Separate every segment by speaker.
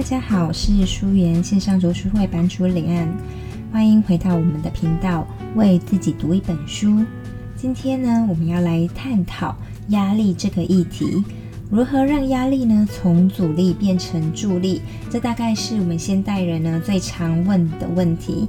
Speaker 1: 大家好，我是書研，線上讀書會版主李岸，歡迎回到我們的頻道，為自己讀一本書。今天呢，我們要來探討壓力這個議題，如何讓壓力呢從阻力變成助力？這大概是我們現代人呢最常問的問題。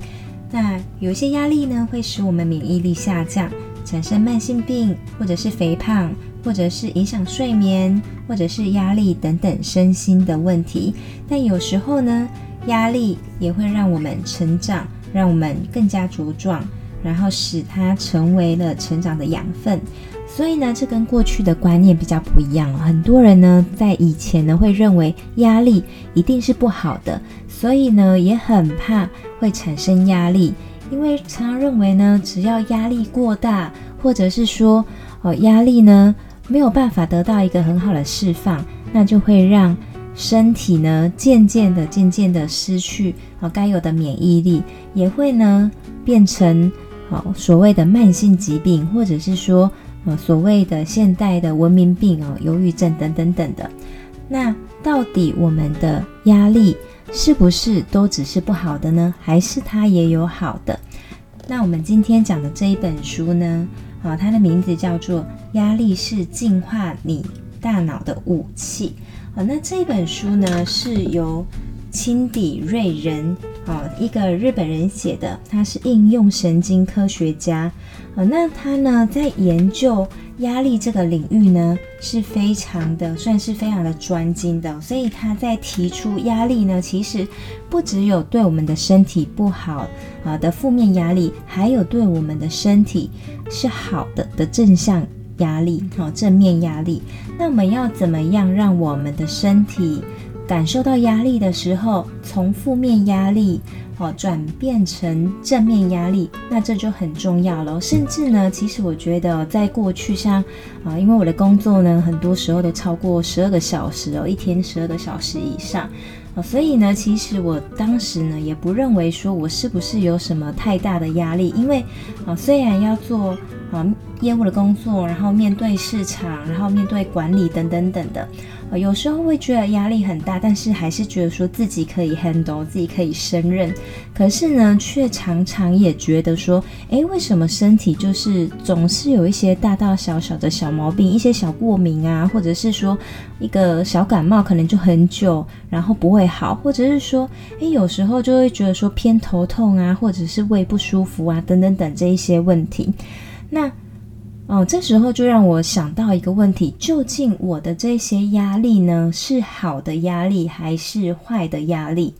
Speaker 1: 那有一些壓力呢，會使我們免疫力下降，產生慢性病或者是肥胖。或者是影響睡眠，或者是壓力等等身心的問題。但有時候呢，壓力也會讓我們成長，讓我們更加茁壯，然後使它成為了成長的養分。所以呢，這跟過去的觀念比較不一樣。很多人呢，在以前呢，會認為壓力一定是不好的，所以呢，也很怕會產生壓力，因為常常認為呢，只要壓力過大，或者是說，呃，壓力呢。沒有辦法得到一個很好的釋放，那就會讓身體呢，漸漸的、漸漸的失去哦該有的免疫力，也會呢變成哦所謂的慢性疾病，或者是說啊、哦、所謂的現代的文明病哦，憂鬱症等等等等的。那到底我們的壓力是不是都只是不好的呢？還是它也有好的？那我們今天講的這一本書呢？好，它的名字叫做《壓力是進化你大腦的武器》。好，那這本書呢是由清底瑞人。啊，一個日本人寫的，他是應用神經科學家。那他呢，在研究壓力這個領域呢，是非常的，算是非常的專精的。所以他在提出壓力呢，其實不只有對我們的身體不好啊的負面壓力，還有對我們的身體是好的的正向壓力，哦，正面壓力。那我們要怎麼樣讓我們的身體，感受到壓力的時候，從負面壓力哦轉變成正面壓力，那這就很重要了。甚至呢，其實我覺得在過去像，像、呃、啊，因為我的工作呢，很多時候都超過十二個小時哦，一天十二個小時以上。啊、哦，所以呢，其實我當時呢，也不認為說我是不是有什麼太大的壓力，因為啊、哦，雖然要做。啊，業務的工作，然後面對市場，然後面對管理等等等等的，啊、呃，有時候會覺得壓力很大，但是還是覺得說自己可以 handle，自己可以勝任。可是呢，卻常常也覺得說，誒，為什麼身體就是總是有一些大大小小的小毛病，一些小過敏啊，或者是說一個小感冒可能就很久，然後不會好，或者是說，誒，有時候就會覺得說偏頭痛啊，或者是胃不舒服啊，等等等這一些問題。那，哦，這時候就讓我想到一個問題：究竟我的這些壓力呢，是好的壓力還是壞的壓力？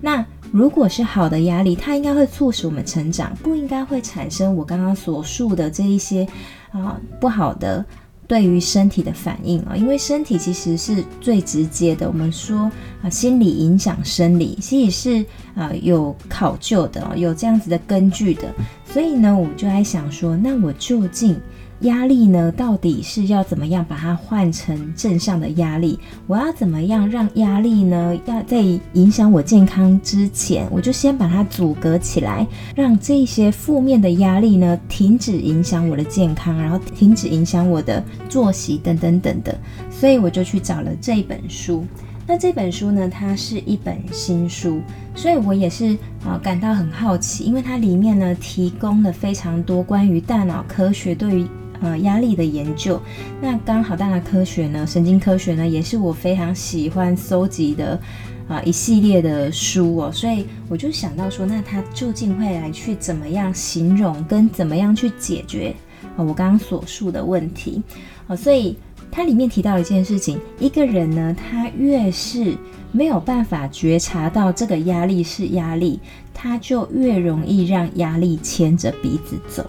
Speaker 1: 那如果是好的壓力，它應該會促使我們成長，不應該會產生我剛剛所述的這一些啊，哦，不好的。對於身體的反應啊，因為身體其實是最直接的。我們說啊，心理影響生理，其實是啊有考究的，有這樣子的根據的。所以呢，我就在想說，那我究竟壓力呢，到底是要怎麼樣把它換成正向的壓力？我要怎麼樣讓壓力呢？要在影響我健康之前，我就先把它阻隔起來，讓這些負面的壓力呢，停止影響我的健康，然後停止影響我的作息等等等等的。所以我就去找了這一本書。那這本書呢，它是一本新書，所以我也是啊感到很好奇，因為它裡面呢，提供了非常多關於大腦科學對於呃，壓力的研究，那剛好，大腦科學呢，神經科學呢，也是我非常喜歡蒐集的啊、呃、一系列的書哦，所以我就想到說，那他究竟會來去怎麼樣形容，跟怎麼樣去解決啊、呃、我剛剛所述的問題，哦、呃，所以它裡面提到一件事情，一個人呢，他越是沒有辦法覺察到這個壓力是壓力，他就越容易讓壓力牽着鼻子走。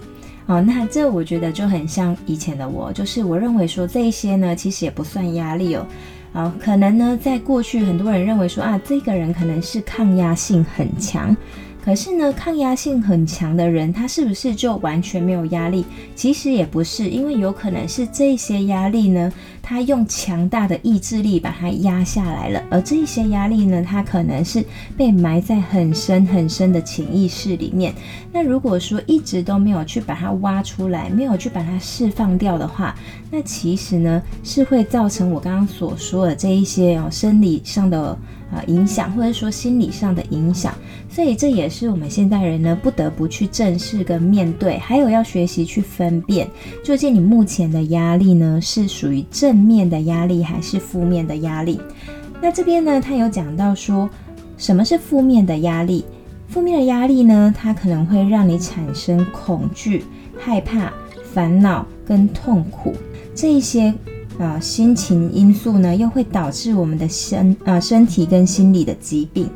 Speaker 1: 好、哦，那這我覺得就很像以前的我，就是我認為說這一些呢，其實也不算壓力哦。啊、哦，可能呢，在過去很多人認為說啊，這個人可能是抗壓性很強。可是呢，抗壓性很強的人，他是不是就完全沒有壓力？其實也不是，因為有可能是這些壓力呢，他用強大的意志力把它壓下來了，而這些壓力呢，他可能是被埋在很深很深的潛意識裡面。那如果說一直都沒有去把它挖出來，沒有去把它釋放掉的話，那其實呢，是會造成我剛剛所說的這一些哦，生理上的。啊、呃，影響或者說心理上的影響，所以這也是我們現代人呢，不得不去正視跟面對，還有要學習去分辨，究竟你目前的壓力呢是屬於正面的壓力還是負面的壓力？那這邊呢，他有講到說，什麼是負面的壓力？負面的壓力呢，它可能會讓你產生恐懼、害怕、煩惱跟痛苦這一些。啊、哦，心情因素呢，又會導致我們的身啊、呃、身體跟心理的疾病。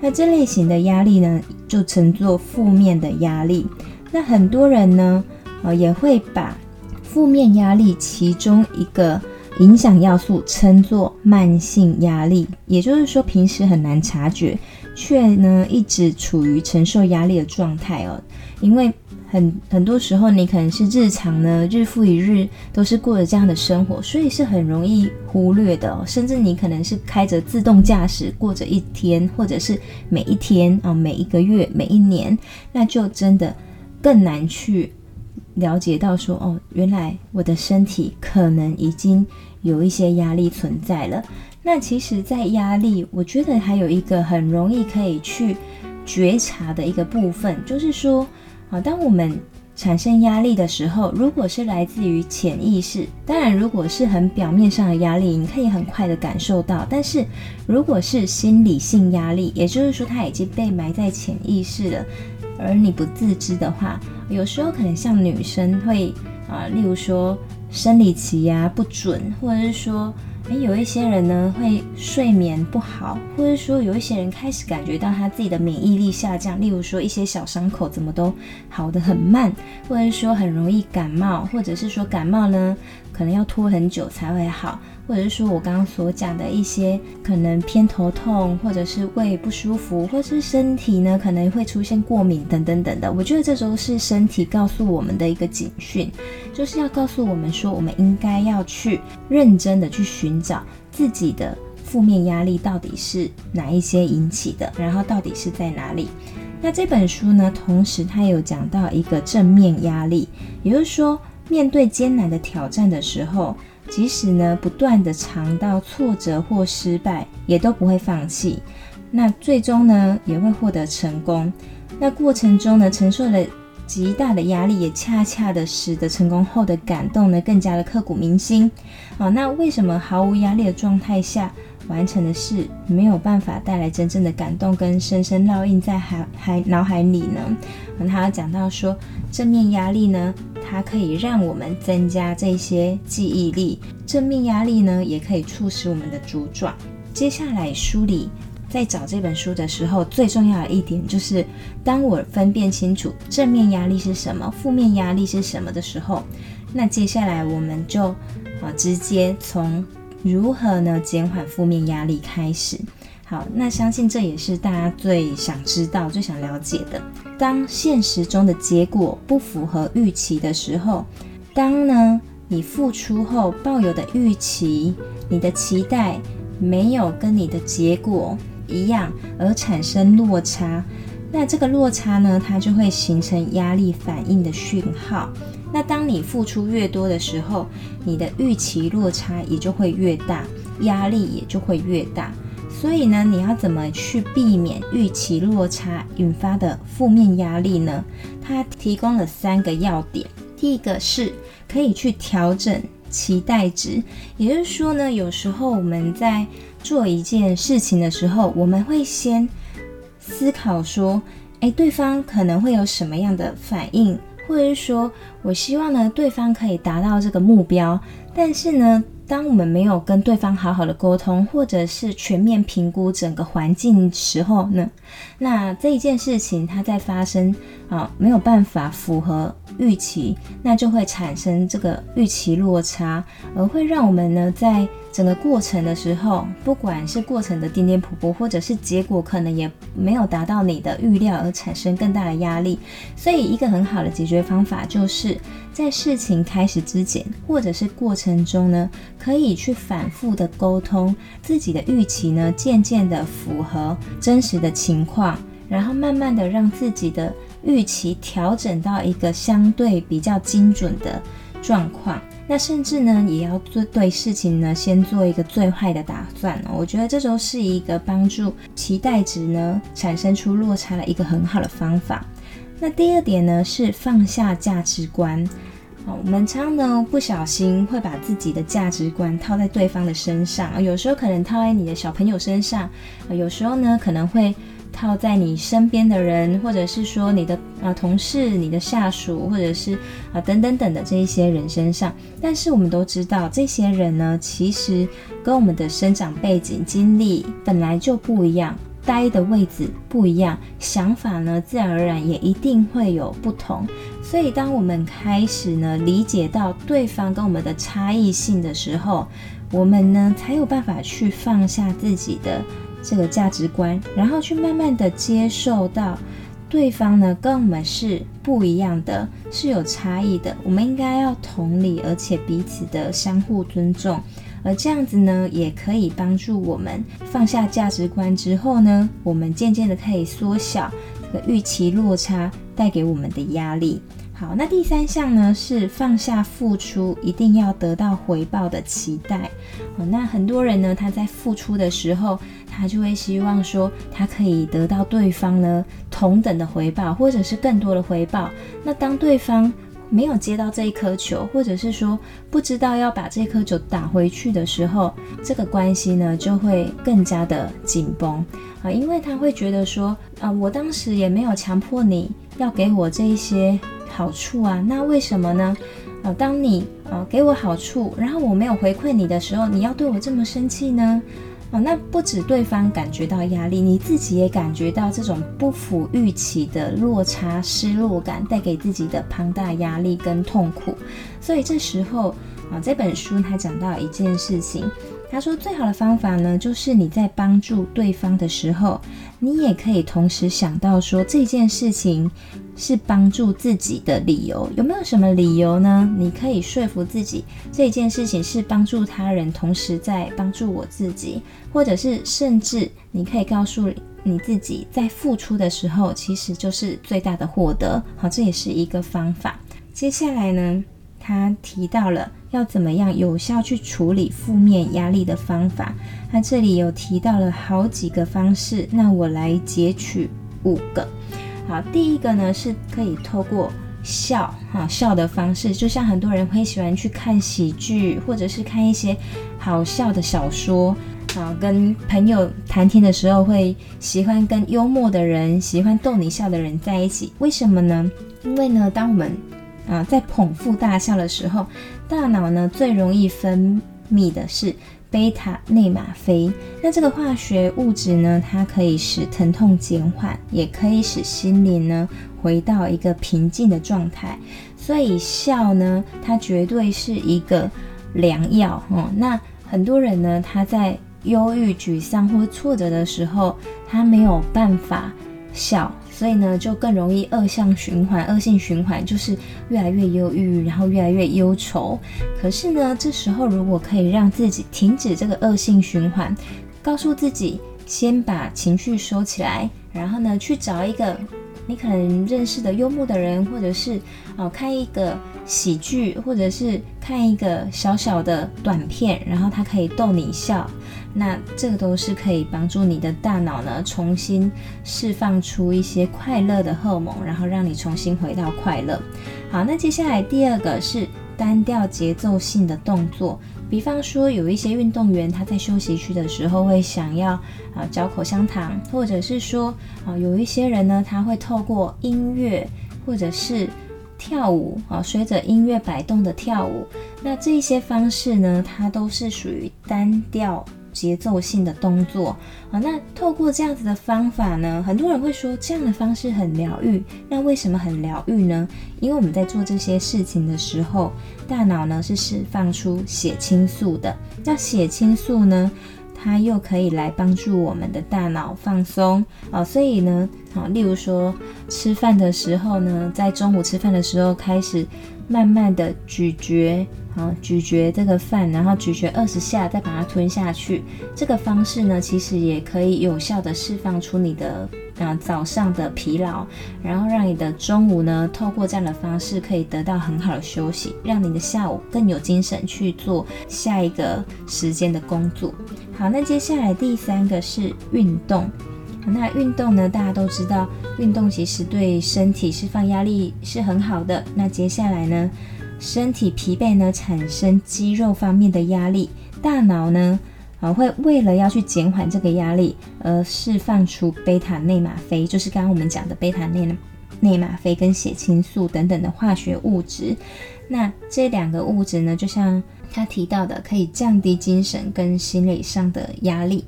Speaker 1: 那這類型的壓力呢，就稱作負面的壓力。那很多人呢，呃、哦，也會把負面壓力其中一個影響要素稱作慢性壓力。也就是說，平時很難察覺，卻呢，一直處於承受壓力的狀態哦，因為。很很多時候，你可能是日常呢，日復一日都是過着這樣的生活，所以是很容易忽略的、哦。甚至你可能是開着自動駕駛過着一天，或者是每一天啊、哦，每一個月、每一年，那就真的更難去了解到說哦，原來我的身體可能已經有一些壓力存在了。那其實，在壓力，我覺得還有一個很容易可以去覺察的一個部分，就是說。好，啊，當我們產生壓力的時候，如果是來自於潛意識，當然如果是很表面上的壓力，你可以很快地感受到。但是如果是心理性壓力，也就是說它已經被埋在潛意識了，而你不自知的話，有時候可能像女生會啊，例如說生理期呀不準，或者是說。誒，有一些人呢會睡眠不好，或者說有一些人開始感覺到他自己的免疫力下降，例如說一些小傷口怎麼都好的很慢，或者是說很容易感冒，或者是說感冒呢可能要拖很久才會好，或者是說我剛剛所講的一些可能偏頭痛，或者是胃不舒服，或者是身體呢可能會出現過敏等等等等的，我覺得這都是身體告訴我們的一個警訊。就是要告訴我們說，我們應該要去認真的去尋找自己的負面壓力到底是哪一些引起的，然後到底是在哪裡。那這本書呢，同時它有講到一個正面壓力，也就是說，面對艱難的挑戰的時候，即使呢不斷的嘗到挫折或失敗，也都不會放棄，那最終呢也會獲得成功。那過程中呢承受了。極大的壓力也恰恰的使得成功後的感動呢更加的刻骨銘心。好、哦，那為什麼毫無壓力的狀態下完成的事沒有辦法帶來真正的感動跟深深烙印在海海腦海裡呢？那他要講到說，正面壓力呢，它可以讓我們增加這些記憶力，正面壓力呢也可以促使我們的茁壯。接下來梳理。在找這本書的時候，最重要的一點就是，當我分辨清楚正面壓力是什麼、負面壓力是什麼的時候，那接下來我們就啊直接從如何呢減緩負面壓力開始。好，那相信這也是大家最想知道、最想了解的。當現實中的結果不符合預期的時候，當呢你付出後抱有的預期、你的期待沒有跟你的結果，一樣而產生落差，那這個落差呢，它就會形成壓力反應的訊號。那當你付出越多的時候，你的預期落差也就會越大，壓力也就會越大。所以呢，你要怎麼去避免預期落差引發的負面壓力呢？它提供了三個要點，第一個是可以去調整期待值，也就是說呢，有時候我們在做一件事情的時候，我們會先思考說，哎，對方可能會有什麼樣的反應，或者是說，我希望呢，對方可以達到這個目標。但是呢，當我們沒有跟對方好好的溝通，或者是全面評估整個環境時候呢，那這一件事情它在發生，啊，沒有辦法符合。預期，那就會產生這個預期落差，而會讓我們呢，在整個過程的時候，不管是過程的顛顛簸簸，或者是結果，可能也沒有達到你的預料，而產生更大的壓力。所以，一個很好的解決方法，就是在事情開始之前，或者是過程中呢，可以去反覆的溝通自己的預期呢，漸漸的符合真實的情況，然後慢慢的讓自己的。預期調整到一個相對比較精準的狀況，那甚至呢也要做對事情呢，先做一個最壞的打算、哦。我覺得這就是一個幫助期待值呢產生出落差的一個很好的方法。那第二點呢是放下價值觀。好、哦，我們常常呢不小心會把自己的價值觀套在對方的身上，呃、有時候可能套在你的小朋友身上，呃、有時候呢可能會。套在你身邊的人，或者是說你的啊同事、你的下屬，或者是啊等等等等的這一些人身上。但是我們都知道，這些人呢，其實跟我們的生長背景、經歷本來就不一樣，待的位置不一樣，想法呢，自然而然也一定會有不同。所以，當我們開始呢理解到對方跟我們的差異性的時候，我們呢才有辦法去放下自己的。這個價值觀，然後去慢慢的接受到對方呢，跟我們是不一樣的，是有差異的。我們應該要同理，而且彼此的相互尊重，而這樣子呢，也可以幫助我們放下價值觀之後呢，我們漸漸的可以縮小這個預期落差帶給我們的壓力。好，那第三項呢，是放下付出一定要得到回報的期待。好，那很多人呢，他在付出的時候。他就會希望說，他可以得到對方呢同等的回報，或者是更多的回報。那當對方沒有接到這一顆球，或者是說不知道要把這顆球打回去的時候，這個關係呢就會更加的緊繃啊，因為他會覺得說，啊、呃，我當時也沒有強迫你要給我這一些好處啊，那為什麼呢？啊、呃，當你啊、呃，給我好處，然後我沒有回饋你的時候，你要對我這麼生氣呢？哦，那不止對方感覺到壓力，你自己也感覺到這種不符預期的落差、失落感，帶給自己的龐大的壓力跟痛苦。所以這時候啊，這本書他講到一件事情，他說最好的方法呢，就是你在幫助對方的時候，你也可以同時想到說這件事情是幫助自己的理由。有沒有什麼理由呢？你可以說服自己，這件事情是幫助他人，同時在幫助我自己，或者是甚至你可以告訴你自己，在付出的時候其實就是最大的獲得。好，這也是一個方法。接下來呢？他提到了要怎麼樣有效去處理負面壓力的方法，他這裡有提到了好幾個方式，那我來截取五個。好，第一個呢是可以透過笑，哈笑的方式，就像很多人會喜歡去看喜劇，或者是看一些好笑的小說，啊，跟朋友談天的時候會喜歡跟幽默的人，喜歡逗你笑的人在一起，為什麼呢？因為呢，當我們啊，在捧腹大笑的時候，大腦呢最容易分泌的是貝塔內嗎啡。那這個化學物質呢，它可以使疼痛減緩，也可以使心靈呢回到一個平靜的狀態。所以笑呢，它絕對是一個良藥。哦、嗯，那很多人呢，他在憂鬱、沮喪或者挫折的時候，他沒有辦法笑。所以呢，就更容易惡性循環。惡性循環就是越來越憂鬱，然後越來越憂愁。可是呢，這時候如果可以讓自己停止這個惡性循環，告訴自己先把情緒收起來，然後呢，去找一個你可能認識的幽默的人，或者是哦，看一個喜劇，或者是看一個小小的短片，然後他可以逗你笑。那這個都是可以幫助你的大腦呢，重新釋放出一些快樂的荷爾蒙，然後讓你重新回到快樂。好，那接下來第二個是單調節奏性的動作，比方說有一些運動員他在休息區的時候會想要啊嚼口香糖，或者是說啊有一些人呢他會透過音樂或者是跳舞啊隨着音樂擺動的跳舞，那這些方式呢，它都是屬於單調。節奏性的動作啊、哦，那透過這樣子的方法呢，很多人會說這樣的方式很療癒。那為什麼很療癒呢？因為我們在做這些事情的時候，大腦呢是釋放出血清素的。那血清素呢，它又可以來幫助我們的大腦放鬆啊、哦，所以呢。好，例如說吃飯的時候呢，在中午吃飯的時候開始慢慢的咀嚼，好，咀嚼這個飯，然後咀嚼二十下，再把它吞下去。這個方式呢，其實也可以有效地釋放出你的啊、呃，早上的疲勞，然後讓你的中午呢，透過這樣的方式可以得到很好的休息，讓你的下午更有精神去做下一個時間的工作。好，那接下來第三個是運動。那運動呢，大家都知道，運動其實對身體釋放壓力是很好的。那接下來呢，身體疲憊呢，產生肌肉方面的壓力，大腦呢，啊，會為了要去減緩這個壓力，而釋放出貝塔內嗎啡，就是剛剛我們講的貝塔內內嗎啡跟血清素等等的化學物質。那這兩個物質呢，就像他提到的，可以降低精神跟心理上的壓力。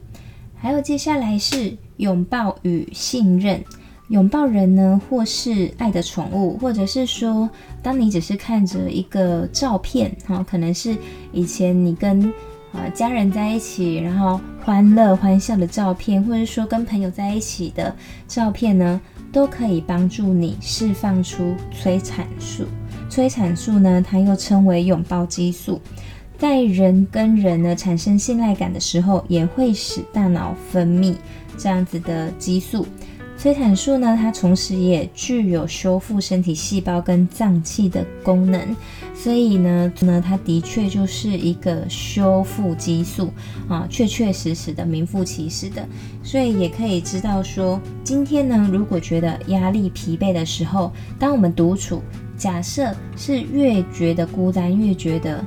Speaker 1: 還有，接下來是擁抱與信任，擁抱人呢，或是愛的寵物，或者是說，當你只是看着一個照片，哈，可能是以前你跟呃家人在一起，然後歡樂歡笑的照片，或者說跟朋友在一起的照片呢，都可以幫助你釋放出催產素。催產素呢，它又稱為擁抱激素。在人跟人呢產生信賴感的時候，也會使大腦分泌這樣子的激素，催產素呢，它同時也具有修復身體細胞跟臟器的功能，所以呢，它的確就是一個修復激素啊，確確實實的名副其實的，所以也可以知道說，今天呢，如果覺得壓力疲憊的時候，當我們獨處，假設是越覺得孤單，越覺得。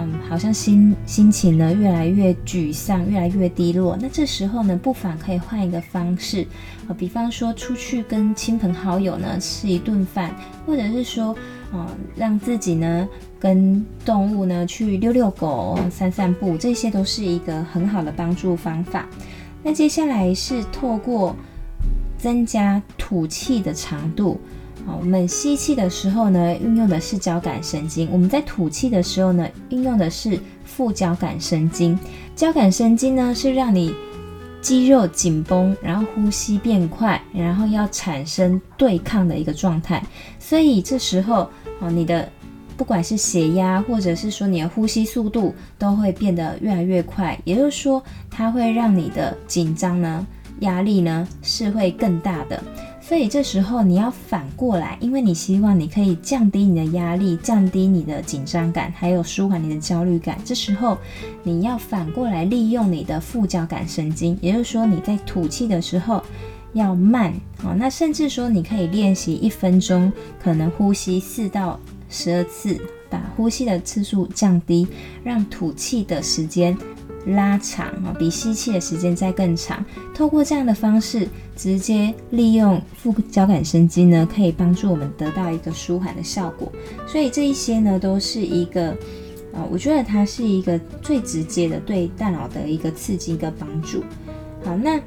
Speaker 1: 嗯，好像心心情呢越來越沮喪，越來越低落。那這時候呢，不妨可以換一個方式，啊、呃，比方說出去跟親朋好友呢吃一頓飯，或者是說，嗯、呃，讓自己呢跟動物呢去遛遛狗、散散步，這些都是一個很好的幫助方法。那接下來是透過增加吐氣的長度。哦，我們吸氣的時候呢，運用的是交感神經；我們在吐氣的時候呢，運用的是副交感神經。交感神經呢，是讓你肌肉緊繃，然後呼吸變快，然後要產生對抗的一個狀態。所以這時候，啊、哦，你的不管是血壓，或者是說你的呼吸速度，都會變得越來越快。也就是說，它會讓你的緊張呢、壓力呢，是會更大的。所以這時候你要反過來，因為你希望你可以降低你的壓力，降低你的緊張感，還有舒緩你的焦慮感。這時候你要反過來利用你的副交感神經，也就是說你在吐氣的時候要慢啊、哦。那甚至說你可以練習一分鐘，可能呼吸四到十二次，把呼吸的次數降低，讓吐氣的時間。拉長啊，比吸氣的時間再更長。透過這樣的方式，直接利用副交感神經呢，可以幫助我們得到一個舒緩的效果。所以這一些呢，都是一個啊，呃，我覺得它是一個最直接的對大腦的一個刺激跟幫助。好，那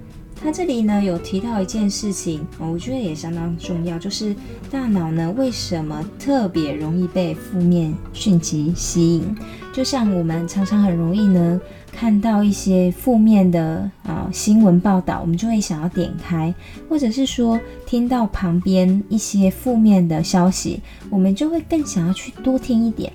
Speaker 1: 它這裡呢有提到一件事情，哦，我覺得也相當重要，就是大腦呢為什麼特別容易被負面訊息吸引？就像我們常常很容易呢。看到一些負面的啊、呃、新聞報道，我們就會想要點開，或者是說聽到旁邊一些負面的消息，我們就會更想要去多聽一點。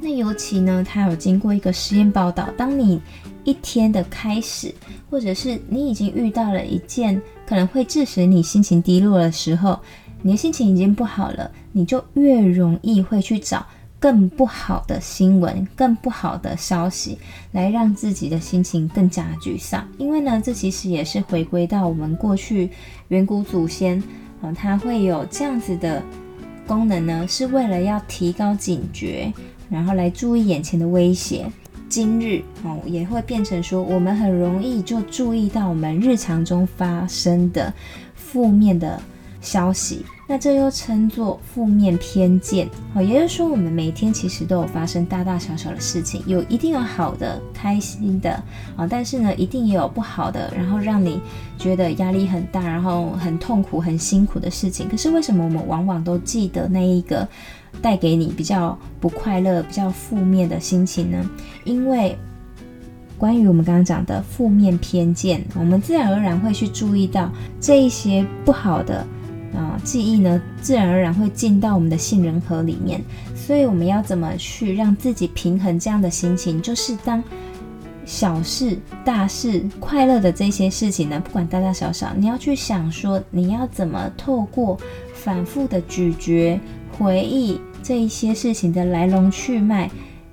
Speaker 1: 那尤其呢，他有經過一個實驗報道，當你一天的開始，或者是你已經遇到了一件可能會致使你心情低落的時候，你的心情已經不好了，你就越容易會去找。更不好的新聞，更不好的消息，來讓自己的心情更加沮喪。因為呢，這其實也是回歸到我們過去遠古祖先，啊、哦，他會有這樣子的功能呢，是為了要提高警覺，然後來注意眼前的威脅。今日，哦，也會變成說，我們很容易就注意到我們日常中發生的負面的消息。那這又稱作負面偏見，好、哦，也就是說，我們每天其實都有發生大大小小的事情，有一定有好的、開心的啊、哦，但是呢，一定也有不好的，然後讓你覺得壓力很大，然後很痛苦、很辛苦的事情。可是為什麼我們往往都記得那一個帶給你比較不快樂、比較負面的心情呢？因為關於我們剛剛講的負面偏見，我們自然而然會去注意到這一些不好的。啊、呃，記憶呢，自然而然會進到我們的杏仁核裡面。所以我們要怎麼去讓自己平衡這樣的心情？就是當小事、大事、快樂的這些事情呢，不管大大小小，你要去想說，你要怎麼透過反覆的咀嚼、回憶這一些事情的來龍去脈。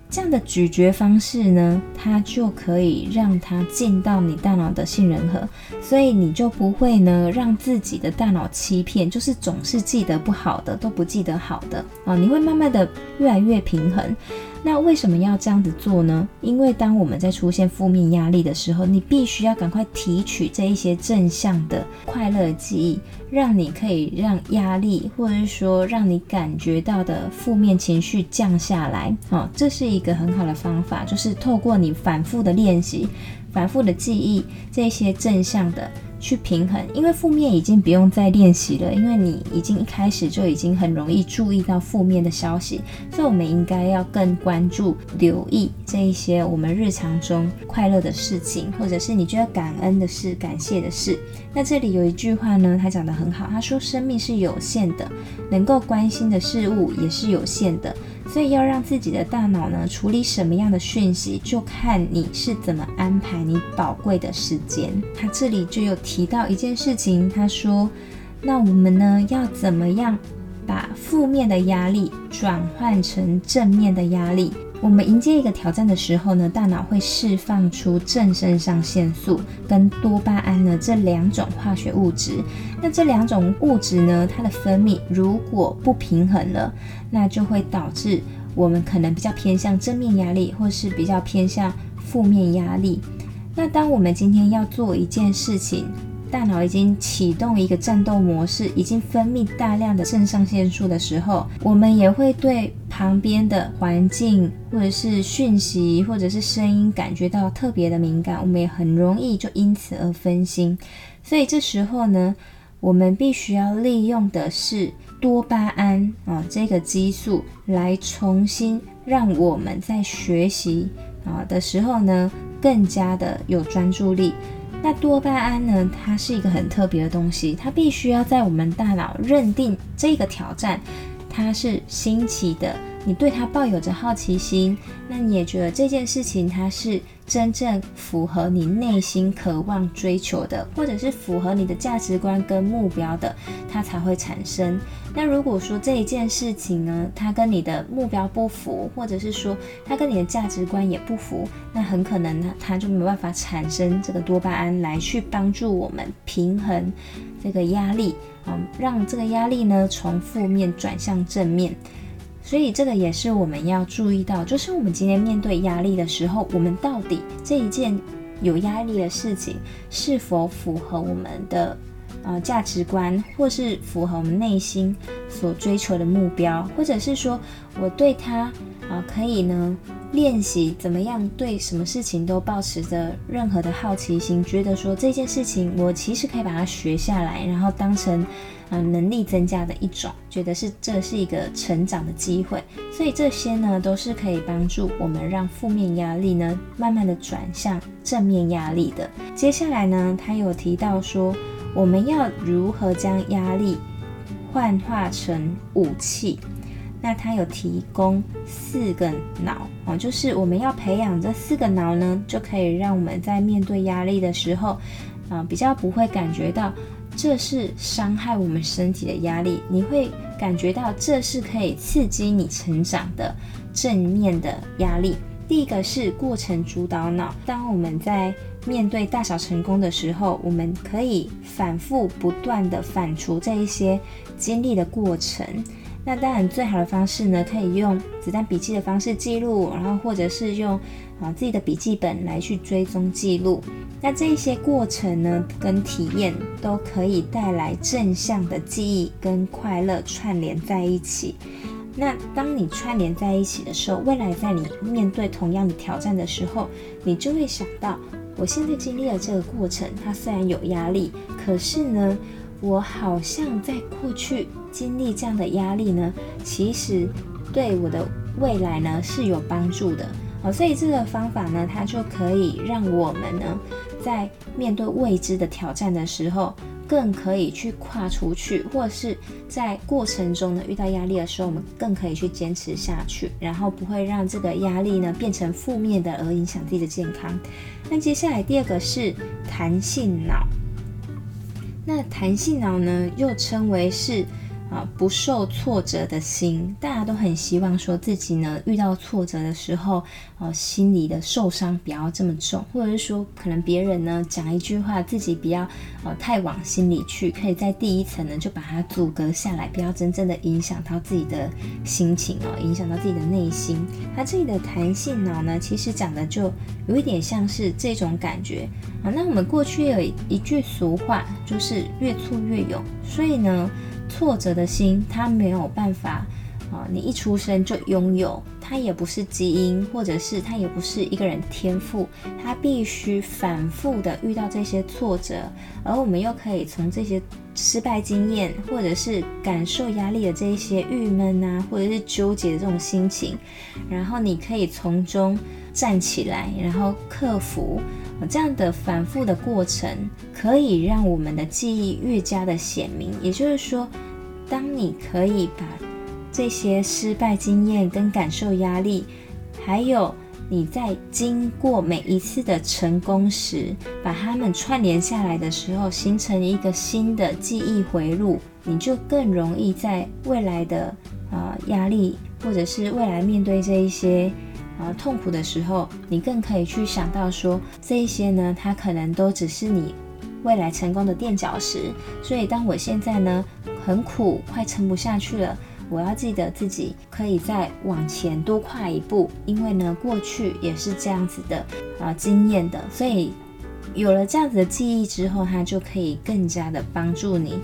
Speaker 1: 這樣的咀嚼方式呢，它就可以讓它進到你大腦的杏仁核，所以你就不會呢，讓自己的大腦欺騙，就是總是記得不好的都不記得好的啊、哦，你會慢慢的越來越平衡。那為什麼要這樣子做呢？因為當我們在出現負面壓力的時候，你必須要趕快提取這一些正向的快樂記憶，讓你可以讓壓力，或者是說讓你感覺到的負面情緒降下來。好，這是一個很好的方法，就是透過你反覆的練習，反覆的記憶這一些正向的。去平衡，因為負面已經不用再練習了，因為你已經一開始就已經很容易注意到負面的消息，所以我們應該要更關注、留意這一些我們日常中快樂的事情，或者是你覺得感恩的事、感謝的事。那這裡有一句話呢，它講得很好，它說：“生命是有限的，能夠關心的事物也是有限的，所以要讓自己的大腦呢處理什麼樣的訊息，就看你是怎麼安排你寶貴的時間。”它這裡就有。提到一件事情，他說：“那我們呢要怎麼樣把負面的壓力轉換成正面的壓力？我們迎接一個挑戰的時候呢，大腦會釋放出正腎上腺素跟多巴胺呢這兩種化學物質。那這兩種物質呢，它的分泌如果不平衡了，那就會導致我們可能比較偏向正面壓力，或是比較偏向負面壓力。”那當我們今天要做一件事情，大腦已經啟動一個戰鬥模式，已經分泌大量的腎上腺素的時候，我們也會對旁邊的環境，或者是訊息，或者是聲音感覺到特別的敏感，我們也很容易就因此而分心。所以這時候呢，我們必須要利用的是多巴胺啊這個激素來重新讓我們在學習啊的時候呢。更加的有專注力。那多巴胺呢？它是一個很特別的東西，它必須要在我們大腦認定這個挑戰它是新奇的，你對它抱有着好奇心，那你也覺得這件事情它是真正符合你內心渴望追求的，或者是符合你的價值觀跟目標的，它才會產生。那如果說這一件事情呢，它跟你的目標不符，或者是說它跟你的價值觀也不符，那很可能呢，它就沒辦法產生這個多巴胺來去幫助我們平衡這個壓力，嗯，讓這個壓力呢從負面轉向正面。所以這個也是我們要注意到，就是我們今天面對壓力的時候，我們到底這一件有壓力的事情是否符合我們的。呃，價值觀，或是符合我們內心所追求的目標，或者是說我對他，啊、呃，可以呢練習怎麼樣對什麼事情都抱持着任何的好奇心，覺得說這件事情我其實可以把它學下來，然後當成啊、呃、能力增加的一種，覺得是這是一個成長的機會，所以這些呢都是可以幫助我們讓負面壓力呢慢慢的轉向正面壓力的。接下來呢，他有提到說。我們要如何將壓力幻化成武器？那它有提供四個腦，啊，就是我們要培養這四個腦呢，就可以讓我們在面對壓力的時候，啊，比較不會感覺到這是傷害我們身體的壓力，你會感覺到這是可以刺激你成長的正面的壓力。第一個是過程主導腦，當我們在面對大小成功的時候，我們可以反覆不斷地反芻這一些經歷的過程。那當然，最好的方式呢，可以用子彈筆記的方式記錄，然後或者是用啊自己的筆記本來去追蹤記錄。那這一些過程呢，跟體驗都可以帶來正向的記憶跟快樂串聯在一起。那當你串聯在一起的時候，未來在你面對同樣的挑戰的時候，你就會想到。我現在經歷了這個過程，它雖然有壓力，可是呢，我好像在過去經歷這樣的壓力呢，其實對我的未來呢是有幫助的。好，哦，所以這個方法呢，它就可以讓我們呢，在面對未知的挑戰的時候，更可以去跨出去，或者是在過程中呢遇到壓力的時候，我們更可以去堅持下去，然後不會讓這個壓力呢變成負面的而影響自己的健康。那接下來第二個是彈性腦，那彈性腦呢又稱為是。啊，不受挫折的心，大家都很希望說自己呢，遇到挫折的時候，呃、啊，心裡的受傷不要這麼重，或者是說，可能別人呢講一句話，自己不要，呃、啊，太往心裡去，可以在第一層呢就把它阻隔下來，不要真正的影響到自己的心情哦、啊，影響到自己的內心。它、啊、這裡的彈性腦呢，其實講的就有一點像是這種感覺啊。那我們過去有一,一句俗話，就是越挫越勇，所以呢。挫折的心，它沒有辦法啊、哦！你一出生就擁有，它也不是基因，或者是它也不是一個人天賦，它必須反覆地遇到這些挫折，而我們又可以從這些失敗經驗，或者是感受壓力的這些鬱悶啊，或者是糾結的這種心情，然後你可以從中。站起來，然後克服這樣的反覆的過程，可以讓我們的記憶越加的顯明。也就是說，當你可以把這些失敗經驗跟感受壓力，還有你在經過每一次的成功時，把它們串聯下來的時候，形成一個新的記憶迴路，你就更容易在未來的啊、呃、壓力或者是未來面對這一些。啊，痛苦的時候，你更可以去想到說，這一些呢，它可能都只是你未來成功的墊腳石。所以，當我現在呢很苦，快撐不下去了，我要記得自己可以再往前多跨一步，因為呢，過去也是這樣子的啊，經驗的。所以，有了這樣子的記憶之後，它就可以更加的幫助你。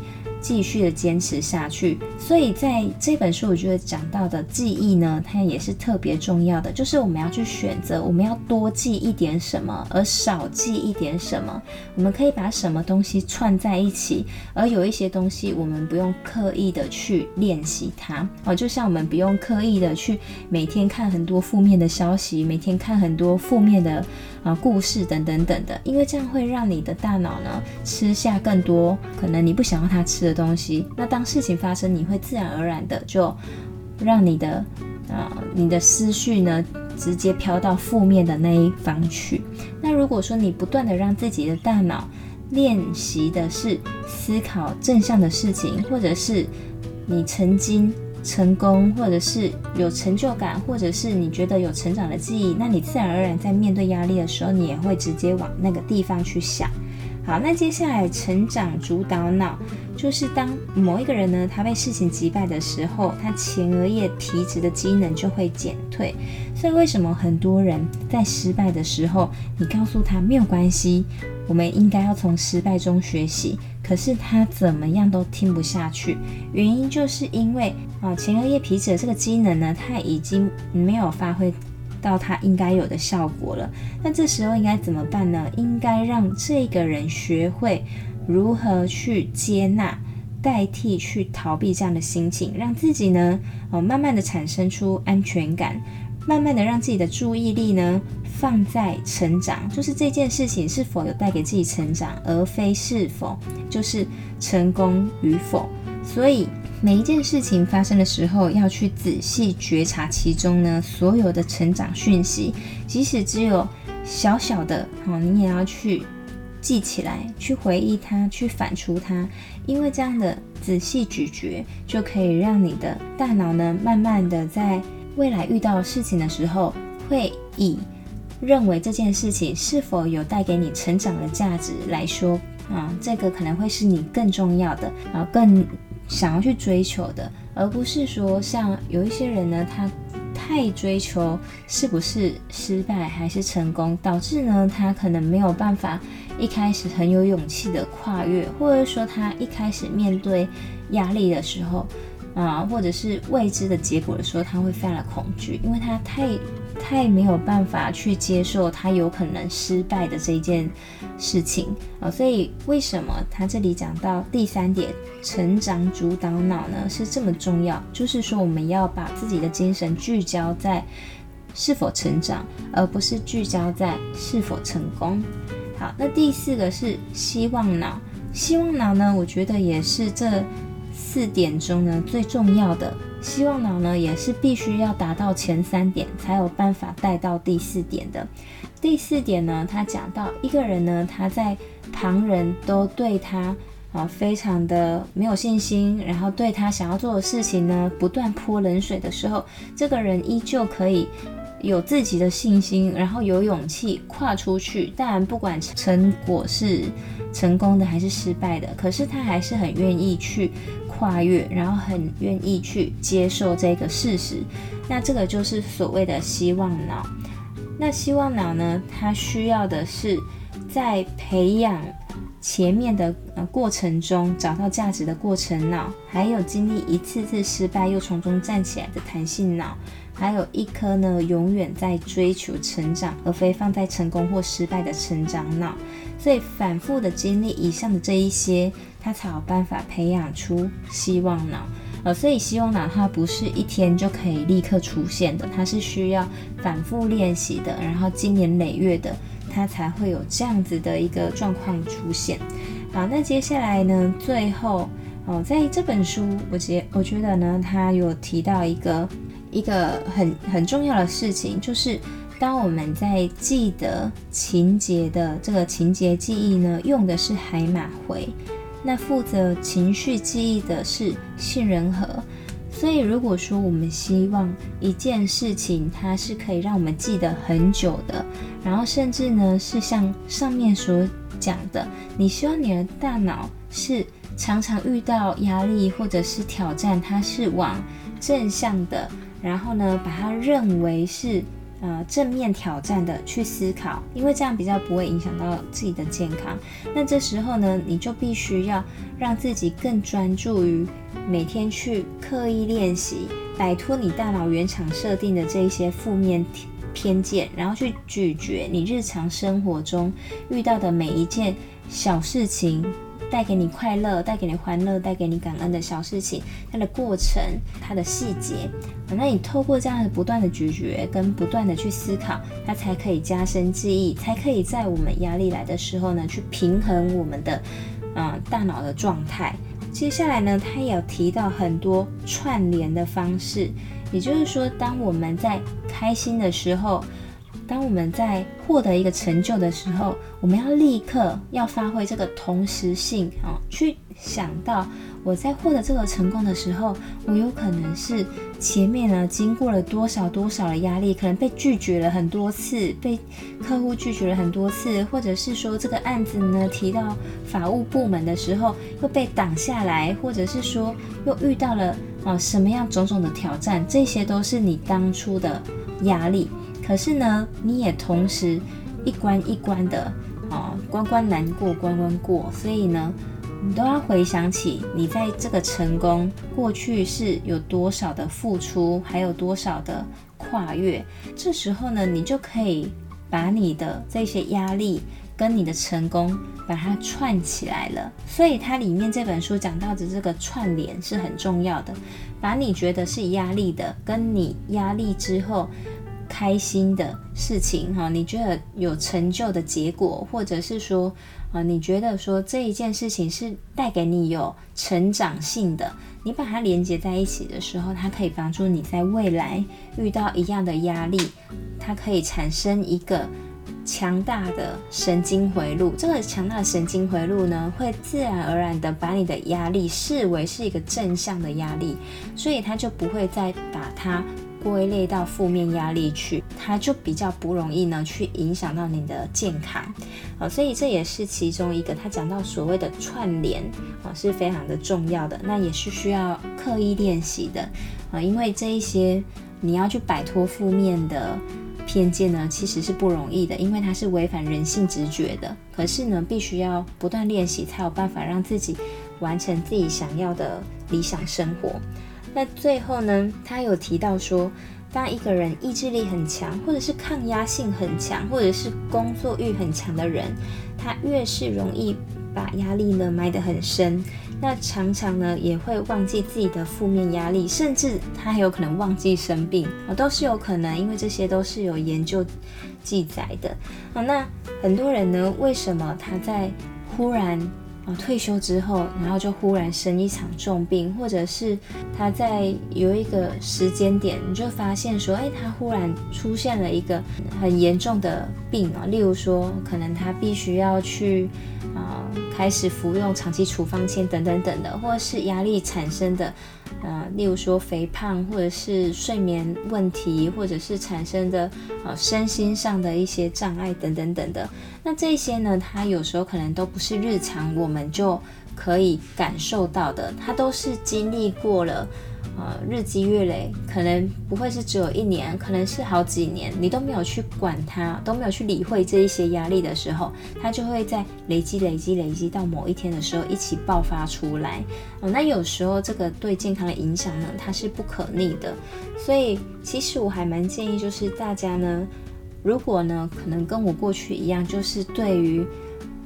Speaker 1: 繼續的堅持下去，所以在這本書，我覺得講到的記憶呢，它也是特別重要的，就是我們要去選擇，我們要多記一點什麼，而少記一點什麼。我們可以把什麼東西串在一起，而有一些東西我們不用刻意的去練習它哦、啊，就像我們不用刻意的去每天看很多負面的消息，每天看很多負面的。啊，故事等等等等的，因為這樣會讓你的大腦呢吃下更多可能你不想要它吃的東西。那當事情發生，你會自然而然的就讓你的呃你的思緒呢直接飄到負面的那一方去。那如果說你不斷的讓自己的大腦練習的是思考正向的事情，或者是你曾經。成功，或者是有成就感，或者是你覺得有成長的記憶，那你自然而然在面對壓力的時候，你也會直接往那個地方去想。好，那接下來成長主導腦就是當某一個人呢，他被事情擊敗的時候，他前額葉皮質的機能就會減退。所以為什麼很多人在失敗的時候，你告訴他沒有關係，我們應該要從失敗中學習。可是他怎麼樣都聽不下去，原因就是因為啊前額葉皮質的這個機能呢，它已經沒有發揮到它應該有的效果了。那這時候應該怎麼辦呢？應該讓這個人學會如何去接納，代替去逃避這樣的心情，讓自己呢哦、啊、慢慢的產生出安全感。慢慢的，讓自己的注意力呢放在成長，就是這件事情是否有帶給自己成長，而非是否就是成功與否。所以每一件事情發生的時候，要去仔細覺察其中呢所有的成長訊息，即使只有小小的哦，你也要去記起來，去回憶它，去反芻它，因為這樣的仔細咀嚼，就可以讓你的大腦呢慢慢的在。未來遇到事情的時候，會以認為這件事情是否有帶給你成長的價值來說啊，這個可能會是你更重要的啊，更想要去追求的，而不是說像有一些人呢，他太追求是不是失敗還是成功，導致呢他可能沒有辦法一開始很有勇氣的跨越，或者說他一開始面對壓力的時候。啊，或者是未知的結果的時候，他會犯了恐懼，因為他太太沒有辦法去接受他有可能失敗的這一件事情啊，所以為什麼他這裡講到第三點，成長主導腦呢，是這麼重要，就是說我們要把自己的精神聚焦在是否成長，而不是聚焦在是否成功。好，那第四個是希望腦，希望腦呢，我覺得也是這。四點中呢，最重要的希望腦呢，也是必須要達到前三點，才有辦法帶到第四點的。第四點呢，他講到一個人呢，他在旁人都對他啊非常的沒有信心，然後對他想要做的事情呢，不斷潑冷水的時候，這個人依舊可以有自己的信心，然後有勇氣跨出去。當然，不管成果是成功的還是失敗的，可是他還是很願意去。跨越，然後很願意去接受這個事實，那這個就是所謂的希望腦。那希望腦呢，它需要的是在培養前面的過程中找到價值的過程腦，還有經歷一次次失敗又從中站起來的彈性腦，還有一顆呢永遠在追求成長而非放在成功或失敗的成長腦。所以反復的經歷以上的這一些。他才有辦法培養出希望腦，呃、哦，所以希望腦它不是一天就可以立刻出現的，它是需要反覆練習的，然後經年累月的，它才會有這樣子的一個狀況出現。好，那接下來呢，最後哦，在這本書我覺我覺得呢，他有提到一個一個很很重要的事情，就是當我們在記得情節的這個情節記憶呢，用的是海馬回。那負責情緒記憶的是杏仁核，所以如果說我們希望一件事情，它是可以讓我們記得很久的，然後甚至呢是像上面所講的，你希望你的大腦是常常遇到壓力或者是挑戰，它是往正向的，然後呢把它認為是。呃，正面挑戰的去思考，因為這樣比較不會影響到自己的健康。那這時候呢，你就必須要讓自己更專注於每天去刻意練習，擺脫你大腦原廠設定的這一些負面偏見，然後去咀嚼你日常生活中遇到的每一件小事情。帶給你快樂，帶給你歡樂，帶給你感恩的小事情，它的過程，它的細節，那你透過這樣的不斷的咀嚼跟不斷的去思考，它才可以加深記憶，才可以在我們壓力來的時候呢，去平衡我們的，嗯、呃，大腦的狀態。接下來呢，他也有提到很多串聯的方式，也就是說，當我們在開心的時候。當我們在獲得一個成就的時候，我們要立刻要發揮這個同時性啊，去想到我在獲得這個成功的時候，我有可能是前面呢經過了多少多少的壓力，可能被拒絕了很多次，被客戶拒絕了很多次，或者是說這個案子呢提到法務部門的時候又被擋下來，或者是說又遇到了啊什麼樣種種的挑戰，這些都是你當初的壓力。可是呢，你也同時一關一關的啊、哦，關關難過，關關過，所以呢，你都要回想起你在這個成功過去是有多少的付出，還有多少的跨越。這時候呢，你就可以把你的這些壓力跟你的成功把它串起來了。所以它裡面這本書講到的這個串聯是很重要的，把你覺得是壓力的跟你壓力之後。開心的事情，哈，你覺得有成就的結果，或者是說，啊，你覺得說這一件事情是帶給你有成長性的，你把它連接在一起的時候，它可以幫助你在未來遇到一樣的壓力，它可以產生一個強大的神經回路。這個強大的神經回路呢，會自然而然地把你的壓力視為是一個正向的壓力，所以它就不會再把它。歸類到負面壓力去，它就比較不容易呢，去影響到你的健康，呃、哦，所以這也是其中一個。他講到所謂的串聯啊、哦，是非常的重要的，那也是需要刻意練習的啊、呃，因為這一些你要去擺脫負面的偏見呢，其實是不容易的，因為它是違反人性直覺的。可是呢，必須要不斷練習，才有辦法讓自己完成自己想要的理想生活。那最後呢，他有提到說，當一個人意志力很強，或者是抗壓性很強，或者是工作欲很強的人，他越是容易把壓力呢埋得很深，那常常呢也會忘記自己的負面壓力，甚至他還有可能忘記生病，哦，都是有可能，因為這些都是有研究記載的。那很多人呢，為什麼他在忽然？啊，退休之後，然後就忽然生一場重病，或者是他在有一個時間點，你就發現說，哎、欸，他忽然出現了一個很嚴重的病啊、喔，例如說，可能他必須要去啊、呃，開始服用長期處方箋等等等的，或是壓力產生的。呃，例如說肥胖，或者是睡眠問題，或者是產生的呃身心上的一些障礙等等等等的，那這些呢，它有時候可能都不是日常我們就可以感受到的，它都是經歷過了。呃，日積月累，可能不會是只有一年，可能是好幾年，你都沒有去管它，都沒有去理會這一些壓力的時候，它就會在累積、累積、累積到某一天的時候一起爆發出來。嗯，那有時候這個對健康的影響呢，它是不可逆的。所以其實我還蠻建議，就是大家呢，如果呢，可能跟我過去一樣，就是對於。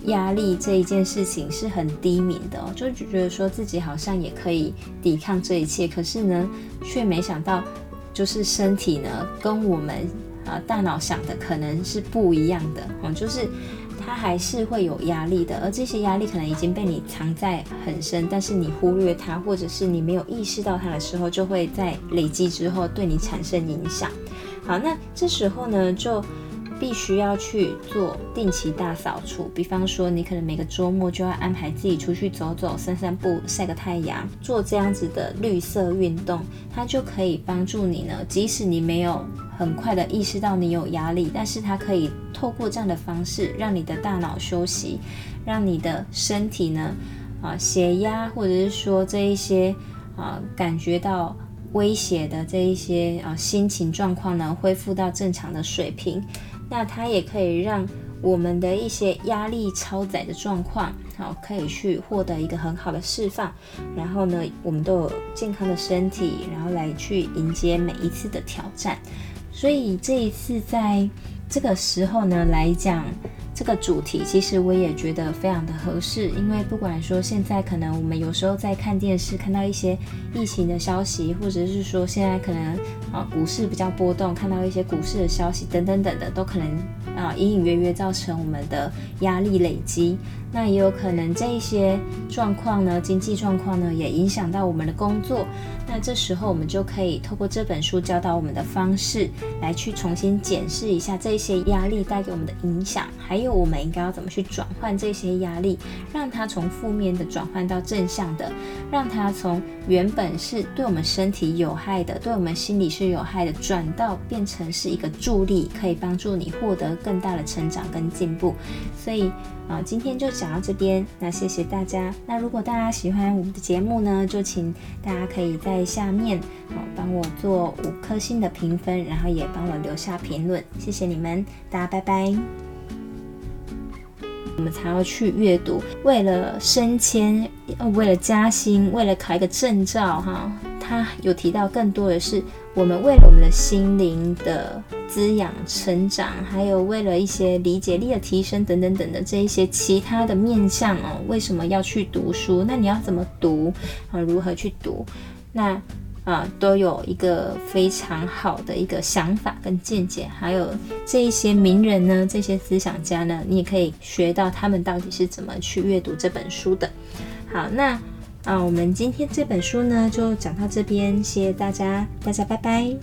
Speaker 1: 壓力這一件事情是很低敏的，哦，就就覺得說自己好像也可以抵抗這一切，可是呢，卻沒想到，就是身體呢跟我們啊、呃、大腦想的可能是不一樣的，嗯，就是它還是會有壓力的，而這些壓力可能已經被你藏在很深，但是你忽略它，或者是你沒有意識到它的時候，就會在累積之後對你產生影響。好，那這時候呢就。必須要去做定期大掃除，比方說，你可能每個周末就要安排自己出去走走、散散步、曬個太陽，做這樣子的綠色運動，它就可以幫助你呢。即使你沒有很快的意識到你有壓力，但是它可以透過這樣的方式，讓你的大腦休息，讓你的身體呢，啊，血壓或者是說這一些啊，感覺到威脅的這一些啊心情狀況呢，恢復到正常的水平。那它也可以讓我們的一些壓力超載的狀況，好，可以去獲得一個很好的釋放。然後呢，我們都有健康的身體，然後來去迎接每一次的挑戰。所以這一次在這個時候呢來講這個主題，其實我也覺得非常的合適。因為不管說現在可能我們有時候在看電視，看到一些疫情的消息，或者是說現在可能。啊，股市比較波動，看到一些股市的消息等等等等的，都可能啊，隱隱約約造成我們的壓力累積。那也有可能這一些狀況呢，經濟狀況呢，也影響到我們的工作。那這時候我們就可以透過這本書教導我們的方式，來去重新檢視一下這一些壓力帶給我們的影響，還有我們應該要怎麼去轉換這些壓力，讓它從負面的轉換到正向的，讓它從原本是對我們身體有害的，對我們心理。是有害的轉，轉到變成是一個助力，可以幫助你獲得更大的成長跟進步。所以啊、哦，今天就講到這邊，那謝謝大家。那如果大家喜歡我們的節目呢，就請大家可以在下面、哦、幫我做五顆星的評分，然後也幫我留下評論。謝謝你們，大家拜拜。我們才要去閱讀，為了升遷，為了加薪，為了考一個證照，哈、哦，他有提到更多的是。我們為了我們的心靈的滋養、成長，還有為了一些理解力的提升等等等等的這一些其他的面向哦，為什麼要去讀書？那你要怎麼讀啊？如何去讀？那啊都有一個非常好的一個想法跟見解，還有這一些名人呢，這些思想家呢，你也可以學到他們到底是怎麼去閱讀這本書的。好，那。啊，我們今天這本書呢，就講到這邊，謝謝大家，大家拜拜。